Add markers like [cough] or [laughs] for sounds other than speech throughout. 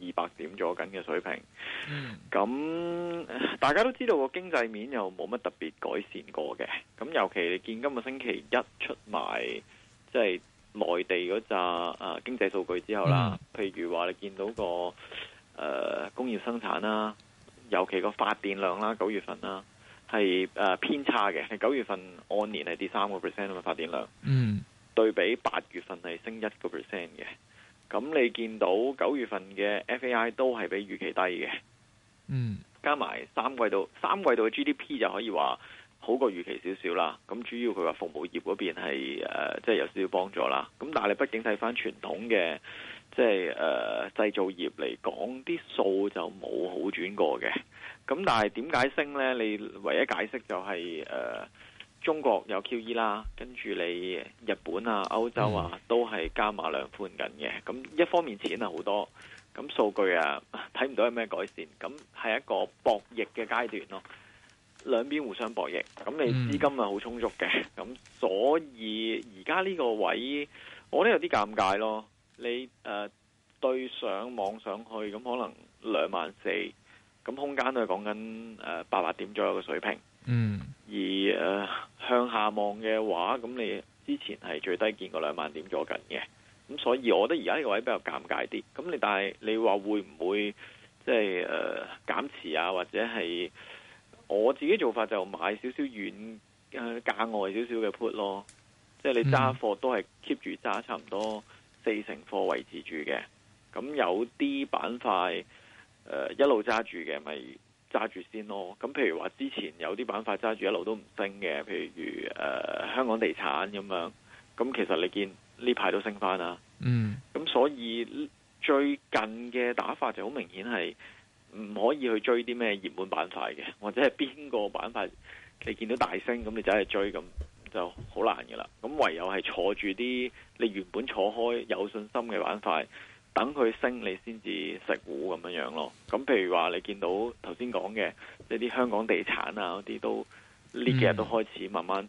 二百點左近嘅水平，咁、嗯、大家都知道個經濟面又冇乜特別改善過嘅。咁尤其你見今個星期一出埋即係內地嗰扎啊經濟數據之後啦、嗯，譬如話你見到個誒、呃、工業生產啦，尤其個發電量啦，九月份啦係誒偏差嘅，係九月份按年係跌三個 percent 嘅發電量，嗯，對比八月份係升一個 percent 嘅。的咁你見到九月份嘅 F A I 都係比預期低嘅，嗯，加埋三季度，三季度嘅 G D P 就可以話好過預期少少啦。咁主要佢話服務業嗰邊係誒，即係有少少幫助啦。咁但係你畢竟睇翻傳統嘅，即係誒製造業嚟講，啲數就冇好轉過嘅。咁但係點解升呢？你唯一解釋就係、係、誒。呃中國有 QE 啦，跟住你日本啊、歐洲啊、嗯、都係加碼量寬緊嘅。咁一方面錢係好多，咁數據啊睇唔到有咩改善，咁係一個博弈嘅階段咯。兩邊互相博弈，咁你資金係好充足嘅，咁所以而家呢個位我都有啲尷尬咯。你誒、呃、對上網上去，咁可能兩萬四，咁空間都係講緊誒八百點左右嘅水平。嗯，而誒、呃、向下望嘅話，咁你之前係最低見過兩萬點左近嘅，咁所以我覺得而家呢個位比較尷尬啲。咁你但係你話會唔會即係誒、呃、減持啊，或者係我自己做法就買少少遠誒價、呃、外少少嘅 put 咯，即係你揸貨都係 keep 住揸，差唔多四成貨維持住嘅。咁有啲板塊誒、呃、一路揸住嘅咪。揸住先咯，咁譬如話之前有啲板塊揸住一路都唔升嘅，譬如誒、呃、香港地產咁樣，咁其實你見呢排都升返啦，嗯，咁所以最近嘅打法就好明顯係唔可以去追啲咩熱門板塊嘅，或者係邊個板塊你見到大升，咁你就係追，咁就好難噶啦，咁唯有係坐住啲你原本坐開有信心嘅板塊。等佢升你才，你先至食糊咁樣樣咯。咁譬如話，你見到頭先講嘅，即係啲香港地產啊嗰啲都呢、嗯、幾日都開始慢慢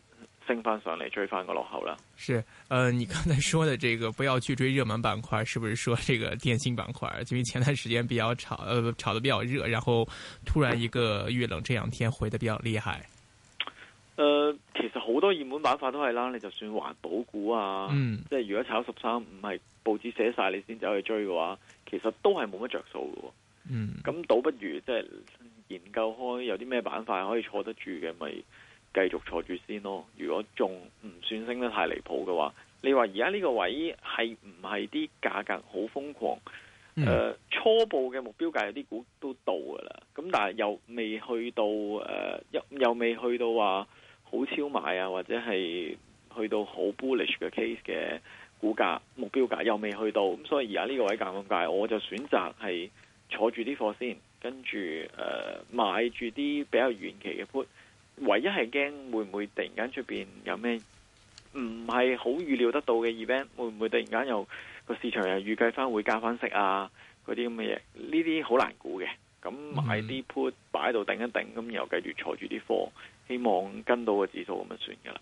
升翻上嚟，追翻個落後啦。是，誒、呃，你剛才說的這個不要去追熱門板塊，是不是說這個電信板塊，因為前段時間比較炒，呃炒得比較熱，然後突然一個遇冷，這兩天回得比較厲害。誒、呃，其實好多熱門板塊都係啦，你就算環保股啊，嗯即係如果炒十三五係。報紙寫晒你先走去追嘅話，其實都係冇乜着數嘅。嗯，咁倒不如即係、就是、研究開有啲咩板塊可以坐得住嘅，咪繼續坐住先咯。如果仲唔算升得太離譜嘅話，你話而家呢個位係唔係啲價格好瘋狂？誒、嗯呃，初步嘅目標價有啲股都到噶啦。咁但係又未去到誒，又、呃、又未去到話好超買啊，或者係去到好 bullish 嘅 case 嘅。股價目標價又未去到，咁所以而家呢個位咁尷尬，我就選擇係坐住啲貨先，跟住誒買住啲比較遠期嘅 put，唯一係驚會唔會突然間出邊有咩唔係好預料得到嘅 event，會唔會突然間又個市場又預計翻會加翻息啊嗰啲咁嘅嘢？呢啲好難估嘅，咁買啲 put 擺喺度頂一頂，咁又繼續坐住啲貨，希望跟到個指數咁就算㗎啦。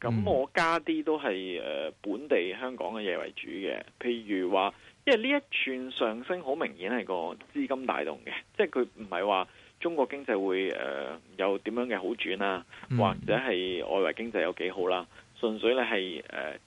咁、嗯、我加啲都係本地香港嘅嘢為主嘅，譬如話，因為呢一串上升好明顯係個資金帶動嘅，即係佢唔係話中國經濟會有點樣嘅好轉啊、嗯，或者係外圍經濟有幾好啦，純粹咧係誒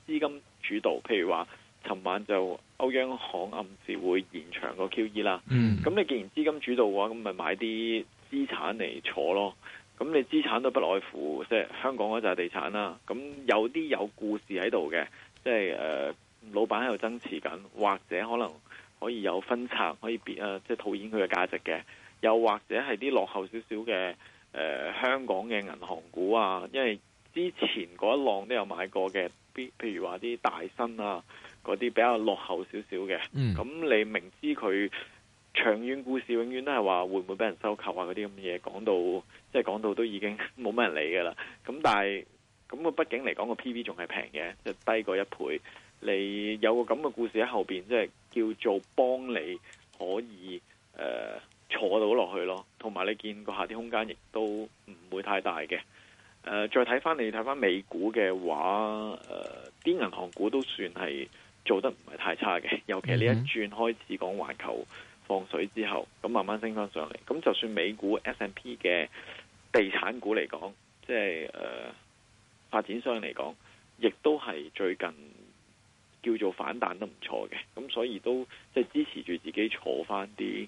資金主導。譬如話，尋晚就歐央行暗示會延長個 QE 啦、嗯，咁你既然資金主導嘅話，咁咪買啲資產嚟坐咯。咁你資產都不外乎，即係香港嗰陣係地產啦。咁有啲有故事喺度嘅，即係呃老闆喺度增持緊，或者可能可以有分拆，可以別啊，即係套現佢嘅價值嘅。又或者係啲落後少少嘅呃香港嘅銀行股啊，因為之前嗰一浪都有買過嘅。譬譬如話啲大新啊，嗰啲比較落後少少嘅。嗯，咁你明知佢。長遠故事永遠都係話會唔會俾人收購啊？嗰啲咁嘅嘢講到即係講到都已經冇乜人理噶啦。咁但係咁個畢竟嚟講個 PB 仲係平嘅，即係低過一倍。你有個咁嘅故事喺後邊，即係叫做幫你可以誒、呃、坐到落去咯。同埋你見個下跌空間亦都唔會太大嘅。誒、呃，再睇翻你睇翻美股嘅話，誒、呃，啲銀行股都算係做得唔係太差嘅，尤其呢一轉開始講環球。放水之後，咁慢慢升翻上嚟。咁就算美股 S&P 嘅地產股嚟講，即係誒發展商嚟講，亦都係最近叫做反彈得唔錯嘅。咁所以都即係支持住自己坐翻啲。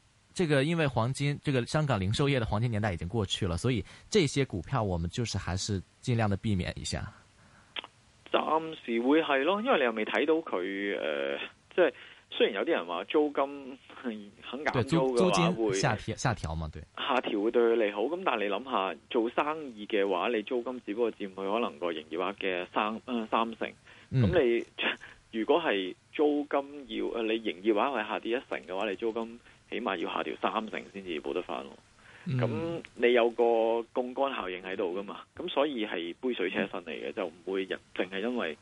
這個因為黃金，這個香港零售業的黃金年代已經過去了，所以這些股票我們就是還是盡量的避免一下。暫時會係咯，因為你又未睇到佢誒，即、呃、係、就是、雖然有啲人話租金很減租嘅話租金下會下調下調嘛，對下調會對佢利好。咁但係你諗下做生意嘅話，你租金只不過佔佢可能個營業額嘅三、呃、三成，咁、嗯、你如果係租金要誒你營業額係下跌一成嘅話，你租金起碼要下調三成先至補得翻咯，咁、mm -hmm. 你有個槓桿效應喺度噶嘛？咁所以係杯水車薪嚟嘅，就唔會入，淨係因為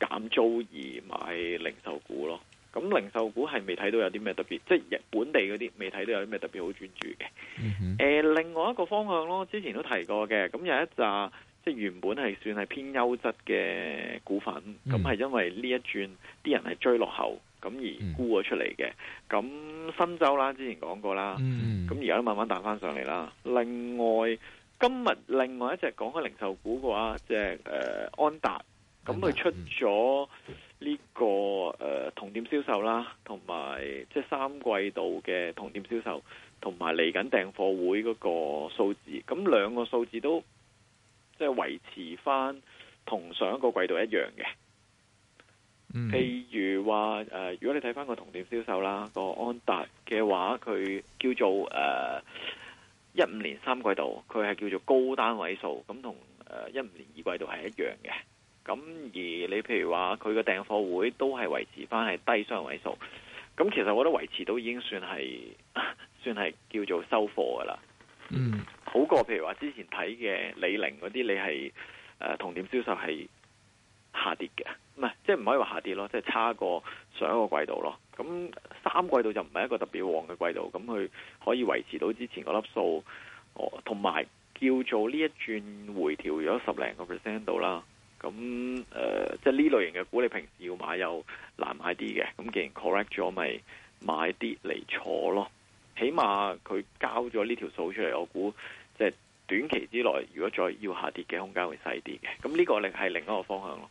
減租而買零售股咯。咁零售股係未睇到有啲咩特別，即、就、係、是、本地嗰啲未睇到有啲咩特別好專注嘅。誒、mm -hmm. 呃，另外一個方向咯，之前都提過嘅，咁有一紮即係原本係算係偏優質嘅股份，咁、mm、係 -hmm. 因為呢一轉啲人係追落後。咁而沽咗出嚟嘅，咁、嗯、新州啦，之前講過啦，咁而家慢慢彈翻上嚟啦。另外，今日另外一隻講開零售股嘅話，即、就、係、是呃、安達，咁佢出咗呢、這個誒同、呃、店銷售啦，同埋即係三季度嘅同店銷售，同埋嚟緊訂貨會嗰個數字，咁兩個數字都即係維持翻同上一個季度一樣嘅。嗯、譬如話誒、呃，如果你睇翻個同店銷售啦，個安踏嘅話，佢叫做誒一五年三季度，佢、呃、係叫做高單位數，咁同誒一五年二季度係一樣嘅。咁而你譬如話佢嘅訂貨會都係維持翻係低雙位數，咁其實我覺得維持到已經算係算係叫做收貨㗎喇。嗯，好過譬如話之前睇嘅李寧嗰啲，你係誒同店銷售係下跌嘅，唔係，即係唔可以話下跌咯，即係差過上一個季度咯。咁三季度就唔係一個特別旺嘅季度，咁佢可以維持到之前嗰粒數，哦、同埋叫做呢一轉回調咗十零個 percent 度啦。咁誒、呃，即係呢類型嘅股，你平時要買又難買啲嘅。咁既然 correct 咗，咪買啲嚟坐咯。起碼佢交咗呢條數出嚟，我估即係短期之內，如果再要下跌嘅空間會細啲嘅。咁呢個另係另一個方向咯。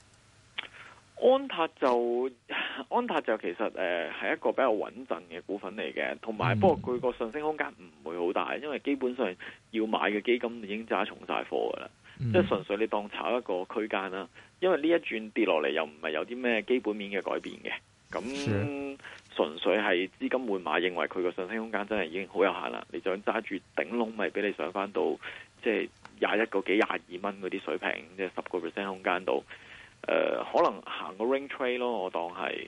安踏就安踏就其實誒係、呃、一個比較穩陣嘅股份嚟嘅，同埋、嗯、不過佢個上升空間唔會好大，因為基本上要買嘅基金已經揸重晒貨㗎啦，即、嗯、係、就是、純粹你當炒一個區間啦。因為呢一轉跌落嚟又唔係有啲咩基本面嘅改變嘅，咁純粹係資金換馬，認為佢個上升空間真係已經好有限啦。你想揸住頂籠咪俾你上翻到即係廿一個幾廿二蚊嗰啲水平，即係十個 percent 空間度。誒、呃，可能行個 ring trade 咯，我當係。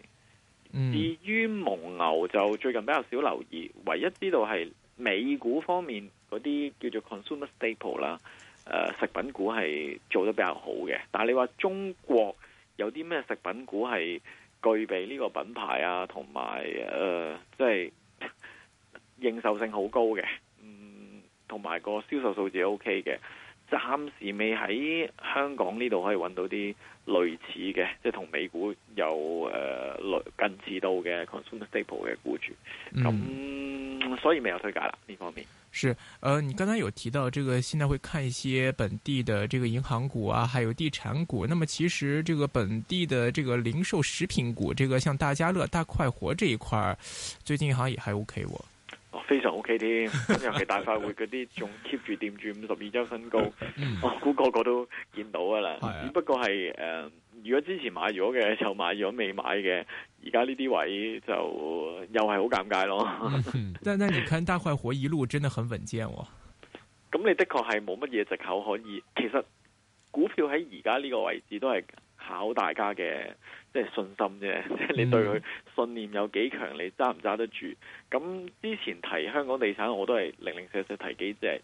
至於蒙牛就最近比較少留意，唯一知道係美股方面嗰啲叫做 consumer staple 啦，誒、呃，食品股係做得比較好嘅。但係你話中國有啲咩食品股係具備呢個品牌啊，同埋誒，即、呃、係、就是、認受性好高嘅，嗯，同埋個銷售數字 O K 嘅。暫時未喺香港呢度可以揾到啲類似嘅，即係同美股有誒類近似到嘅 consumer staple 嘅股值，咁、嗯嗯、所以未有推介啦呢方面。是，呃，你剛才有提到這個，現在會看一些本地的這個銀行股啊，還有地產股。那麼其實這個本地的這個零售食品股，這個像大家樂、大快活這一塊，最近好像也還 OK 喎。 [laughs] 非常 OK 添，尤其大快活嗰啲仲 keep 住掂住五十二周新高， [laughs] 我估個個都見到噶啦。只 [laughs] 不過係誒、呃，如果之前買咗嘅就買咗，未買嘅而家呢啲位就又係好尷尬咯。 [laughs] 但但你看大快活一路真的很穩健喎，哦。咁 [laughs] 你的確係冇乜嘢藉口可以。其實股票喺而家呢個位置都係。考大家嘅即係信心啫，即係你對佢 [laughs] 信念有幾強，你揸唔揸得住？咁之前提香港地產，我都係零零碎碎提幾隻，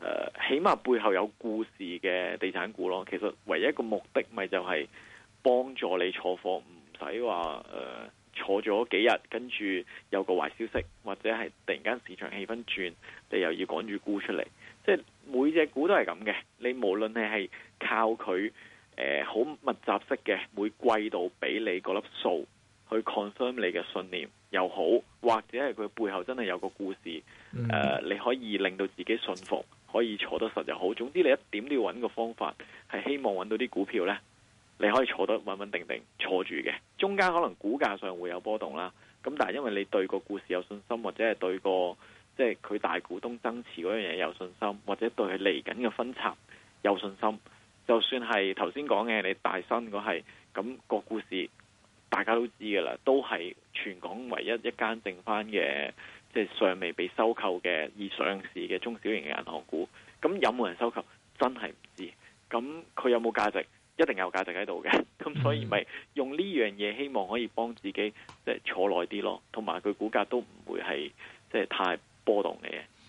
呃，起碼背後有故事嘅地產股咯。其實唯一一個目的咪就係幫助你坐貨，唔使話誒坐咗幾日，跟住有個壞消息，或者係突然間市場氣氛轉，你又要趕住沽出嚟。即係每隻股都係咁嘅，你無論你係靠佢。誒、呃、好密集式嘅，每季度俾你嗰粒數去 confirm 你嘅信念又好，或者係佢背後真係有個故事，誒、呃、你可以令到自己信服，可以坐得實又好。總之你一點都要揾個方法，係希望揾到啲股票呢，你可以坐得穩穩定定坐住嘅。中間可能股價上會有波動啦，咁但係因為你對個故事有信心，或者係對個即係佢大股東增持嗰樣嘢有信心，或者對佢嚟緊嘅分拆有信心。就算係頭先講嘅，你大新嗰係咁個故事，大家都知㗎啦，都係全港唯一一間剩翻嘅，即係尚未被收購嘅，已上市嘅中小型嘅銀行股。咁有冇人收購，真係唔知。咁佢有冇價值，一定有價值喺度嘅。咁所以咪用呢樣嘢，希望可以幫自己即係坐耐啲咯。同埋佢股價都唔會係即係太波動嘅嘢。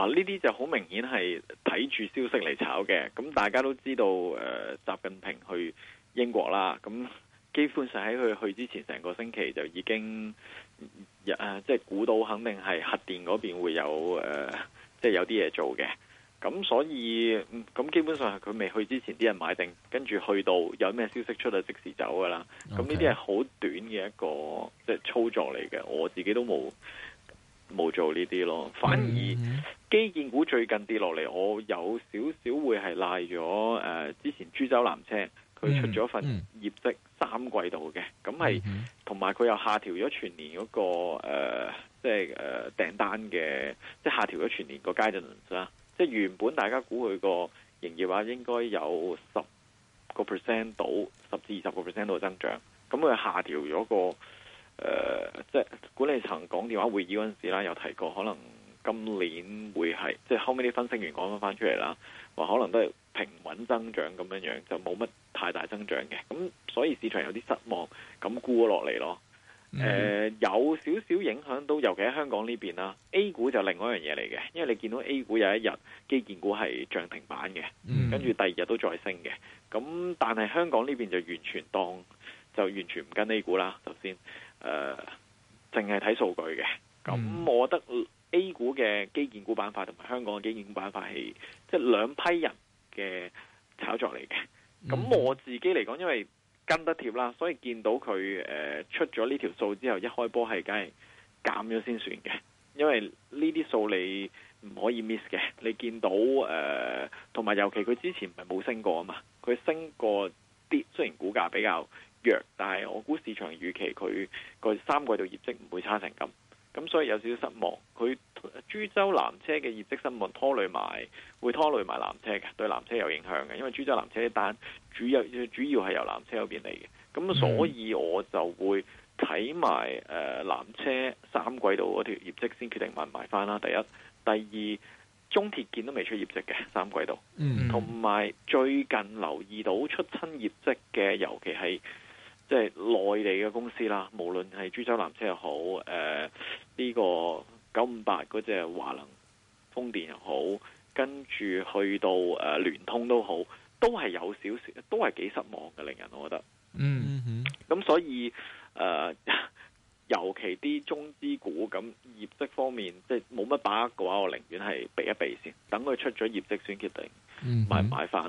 啊！呢啲就好明顯係睇住消息嚟炒嘅，咁大家都知道誒、呃，習近平去英國啦。咁基本上喺佢去之前成個星期就已經誒，即、啊、係、就是、估到肯定係核電嗰邊會有誒，即、呃、係、就是、有啲嘢做嘅。咁所以咁、嗯、基本上係佢未去之前啲人買定，跟住去到有咩消息出就，即時走㗎喇。咁呢啲係好短嘅一個即係、就是、操作嚟嘅，我自己都冇。冇做呢啲咯，反而基建股最近跌落嚟，我有少少會係賴咗。誒、呃，之前株洲南車佢出咗份業績三季度嘅，咁係同埋佢又下調咗全年嗰、那個誒、呃，即係誒、呃、訂單嘅，即係下調咗全年個 guidance 啦。即係原本大家估佢個營業額，應該有十個 percent 到十至二十個 percent 度增長，咁佢下調咗個。誒、呃，即係管理層講電話會議嗰陣時啦，有提過可能今年會係即係後尾啲分析員講翻翻出嚟啦，話可能都係平穩增長咁樣樣，就冇乜太大增長嘅。咁所以市場有啲失望，咁沽落嚟咯。誒、mm-hmm. 呃，有少少影響到，尤其喺香港呢邊啦。A 股就另外一樣嘢嚟嘅，因為你見到 A 股有一日基建股係漲停板嘅，mm-hmm. 跟住第二日都再升嘅。咁但係香港呢邊就完全當就完全唔跟 A 股啦。首先。誒、呃，淨係睇數據嘅，咁我覺得 A 股嘅基建股板塊同埋香港嘅基建股板塊係即係兩批人嘅炒作嚟嘅。咁我自己嚟講，因為跟得貼啦，所以見到佢誒、呃、出咗呢條數之後，一開波係梗係減咗先算嘅。因為呢啲數你唔可以 miss 嘅，你見到誒，呃、同埋尤其佢之前唔係冇升過啊嘛，佢升過啲，雖然股價比較，弱，但係我估市場預期佢個三季度業績唔會差成咁，咁所以有少少失望。佢株洲南車嘅業績失望拖累埋，會拖累埋南車嘅，對南車有影響嘅，因為株洲南車單主要，主要係由南車嗰邊嚟嘅，咁所以我就會睇埋誒南車三季度嗰條業績先決定賣唔賣翻啦。第一，第二，中鐵建都未出業績嘅三季度，同、嗯、埋最近留意到出親業績嘅，尤其係。即係內地嘅公司啦，無論係株洲南車又好，誒、呃、呢、呢個九五八嗰隻華能、風電又好，跟住去到誒、呃、聯通都好，都係有少少，都係幾失望嘅，令人我覺得。嗯哼，咁所以誒、呃，尤其啲中資股咁業績方面，即係冇乜把握嘅話，我寧願係避一避先，等佢出咗業績先決定買唔買翻。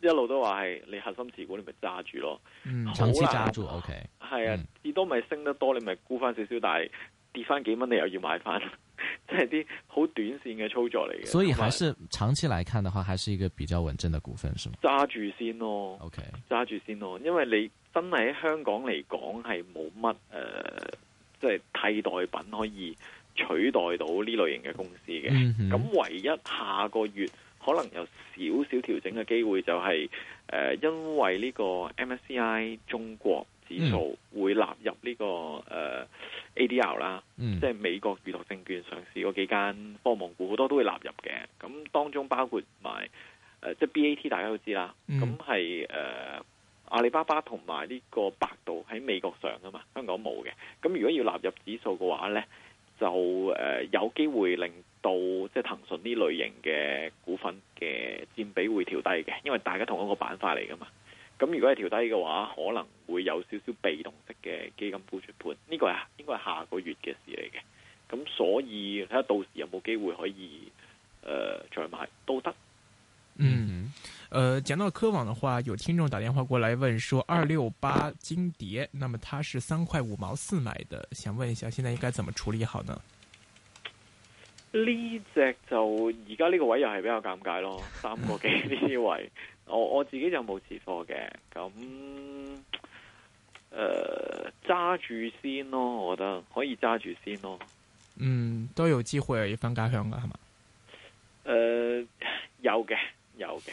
一路都話係你核心持股你，你咪揸住咯，長期揸住，OK，係啊、嗯，最多咪升得多，你咪沽翻少少，但係跌翻幾蚊，你又要買翻，即係啲好短線嘅操作嚟嘅。所以還是，是，是長期來看嘅話，還是一個比較穩陣嘅股份，是嗎？揸住先咯，OK，揸住先咯，因為你真係喺香港嚟講係冇乜誒，即、呃、係、就是、替代品可以取代到呢類型嘅公司嘅。咁、嗯、唯一下個月。可能有少少調整嘅機會，就是，就係誒，因為呢個 MSCI 中國指數，mm. 會納入呢、這個誒、呃、ADR 啦、mm.，即係美國預託證券上市嗰幾間科網股，好多都會納入嘅。咁當中包括埋誒、呃，即係 BAT，大家都知啦。咁係誒阿里巴巴同埋呢個百度喺美國上啊嘛，香港冇嘅。咁如果要納入指數嘅話咧，就誒、呃、有機會令到即係騰訊呢類型嘅股份嘅佔比會調低嘅，因為大家同一個板塊嚟㗎嘛。咁如果係調低嘅話，可能會有少少被動式嘅基金沽出盤，呢、這個係應該係下個月嘅事嚟嘅。咁所以睇下到時有冇機會可以誒、呃、再買都得。嗯。呃，講到科網的話，有聽眾打電話過來問說，二六八金蝶，那麼它是三塊五毛四買的，想問一下，現在應該怎麼處理好呢？呢、這、隻、個、就而家呢個位又係比較尷尬咯，三個幾呢啲位， [laughs] 我我自己就冇持貨嘅，咁呃揸住先咯，我覺得可以揸住先咯。嗯，都有機會要返家鄉噶係嘛？誒、呃，有嘅，有嘅。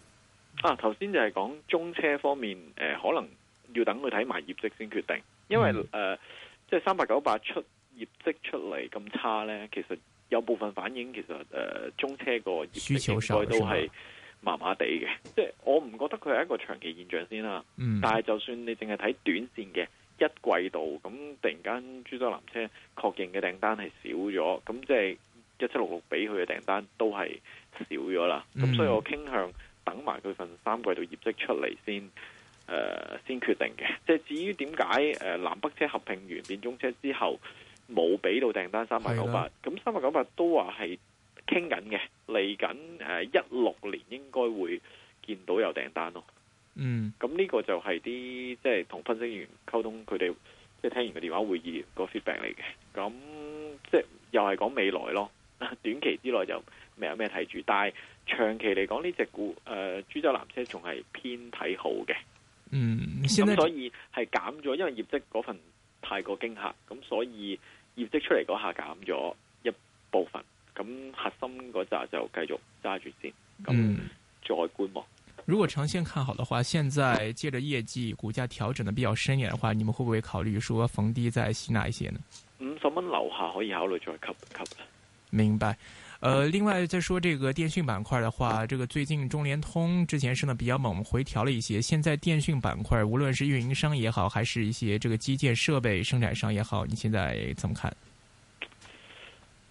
啊，頭先就係講中車方面，誒、呃，可能要等佢睇埋業績先決定，因為誒、嗯呃，即係三八九八出業績出嚟，咁差呢，其實有部分反映，其實誒、呃、中車個業績都係麻麻地嘅，即係我唔覺得佢係一個長期現象先啦。但係就算你淨係睇短綫嘅一季度，咁突然間株洲藍車確認嘅訂單係少咗，咁即係一七六六俾佢嘅訂單都係少咗啦。嗯。咁所以我傾向。等埋佢份三季度業績出嚟先，誒、呃、先決定嘅。即、就、係、是、至於點解誒南北車合併完變中車之後冇俾到訂單三百九八，咁三百九八都話係傾緊嘅，嚟緊誒一六年應該會見到有訂單咯。嗯，咁呢個就係啲即係同分析員溝通他們，佢哋即係聽完個電話會議的個 feedback 嚟嘅。咁即係又係講未來咯，短期之內就未有咩睇住，但係，長期嚟講，呢隻股誒，株、呃、洲纜車仲係偏睇好嘅。嗯，咁所以係減咗，因為業績嗰份太過驚嚇，咁所以業績出嚟嗰下減咗一部分。咁核心嗰扎就繼續揸住先。咁再觀望。嗯、如果長線看好的話，現在借着業績股價調整得比較深遠的話，你們會不會考慮說逢低再吸納一些呢？五十蚊樓下可以考慮再吸吸。明白。呃，另外再說這個電信板塊的話，這個最近中聯通之前升的比較猛，回調了一些。現在電信板塊，無論是運營商也好，還是一些這個基建設備生產商也好，你現在怎麼看？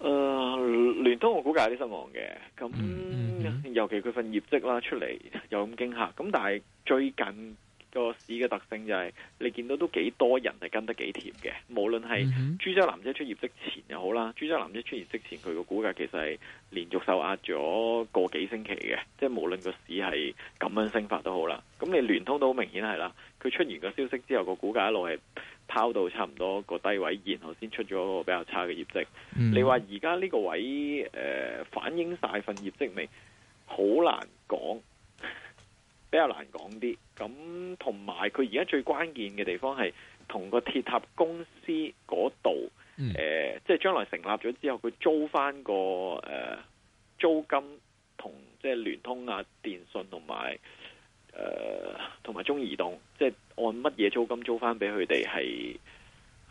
呃，聯通我估計有啲失望嘅，咁、嗯、尤其佢份業績啦，出嚟有咁驚嚇，咁但係最近。個市嘅特性就係你見到都幾多人係跟得幾貼嘅，無論係株洲男色出業績前又好啦，株洲男色出業績前佢個股價其實係連續受壓咗個幾星期嘅，即係無論個市係咁樣升發都好啦。咁你聯通都好明顯係啦，佢出完個消息之後個股價一路係拋到差唔多個低位，然後先出咗個比較差嘅業績。嗯、你話而家呢個位、呃、反映晒份業績未？好難講。比較難講啲，咁同埋佢而家最關鍵嘅地方係同個鐵塔公司嗰度，誒、嗯，即係將來成立咗之後，佢租翻個誒、呃、租金同即係聯通啊、電信同埋誒同埋中移動，即、就、係、是、按乜嘢租金租翻俾佢哋係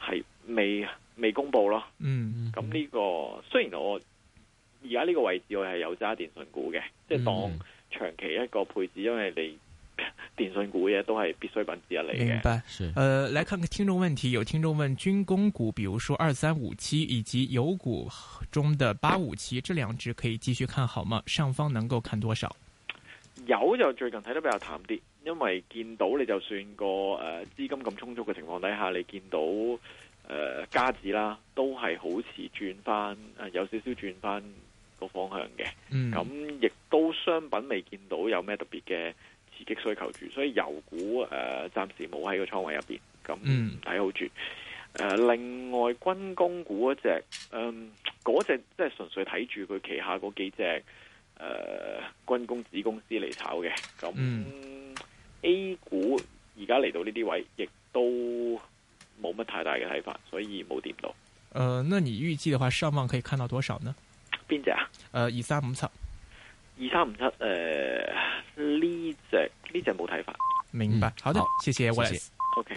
係未未公布咯。嗯，咁呢、這個雖然我而家呢個位置我係有揸電信股嘅，即係當。嗯長期一個配置，因為你電信股嘢都係必需品之一嚟嘅。明白。誒、呃，來看看聽眾問題，有聽眾問軍工股，比如說二三五七以及油股中的八五七，這兩支可以繼續看好嗎？上方能夠看多少？有就最近睇得比較淡啲，因為見到你就算個誒資金咁充足嘅情況底下，你見到誒加子啦，都係好似轉翻，誒有少少轉翻。個方向嘅，咁，亦都商品未見到有咩特別嘅刺激需求住，所以油股誒暫、呃、時冇喺個倉位入邊咁睇好住誒、呃。另外軍工股嗰隻，嗯嗰隻即係純粹睇住佢旗下嗰幾隻誒、呃、軍工子公司嚟炒嘅咁、嗯。A 股而家嚟到呢啲位，亦都冇乜太大嘅睇法，所以冇掂到。誒、呃，那你預計嘅話，上望可以看到多少呢？邊隻啊？誒、呃，二三五七，二三五七，誒，呢隻呢隻冇睇法。明白，好的，嗯、謝謝 w a ok。